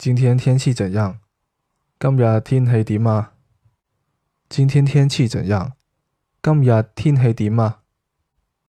今天天氣怎樣？今日天氣點啊？今天天氣怎樣？今日天氣點啊？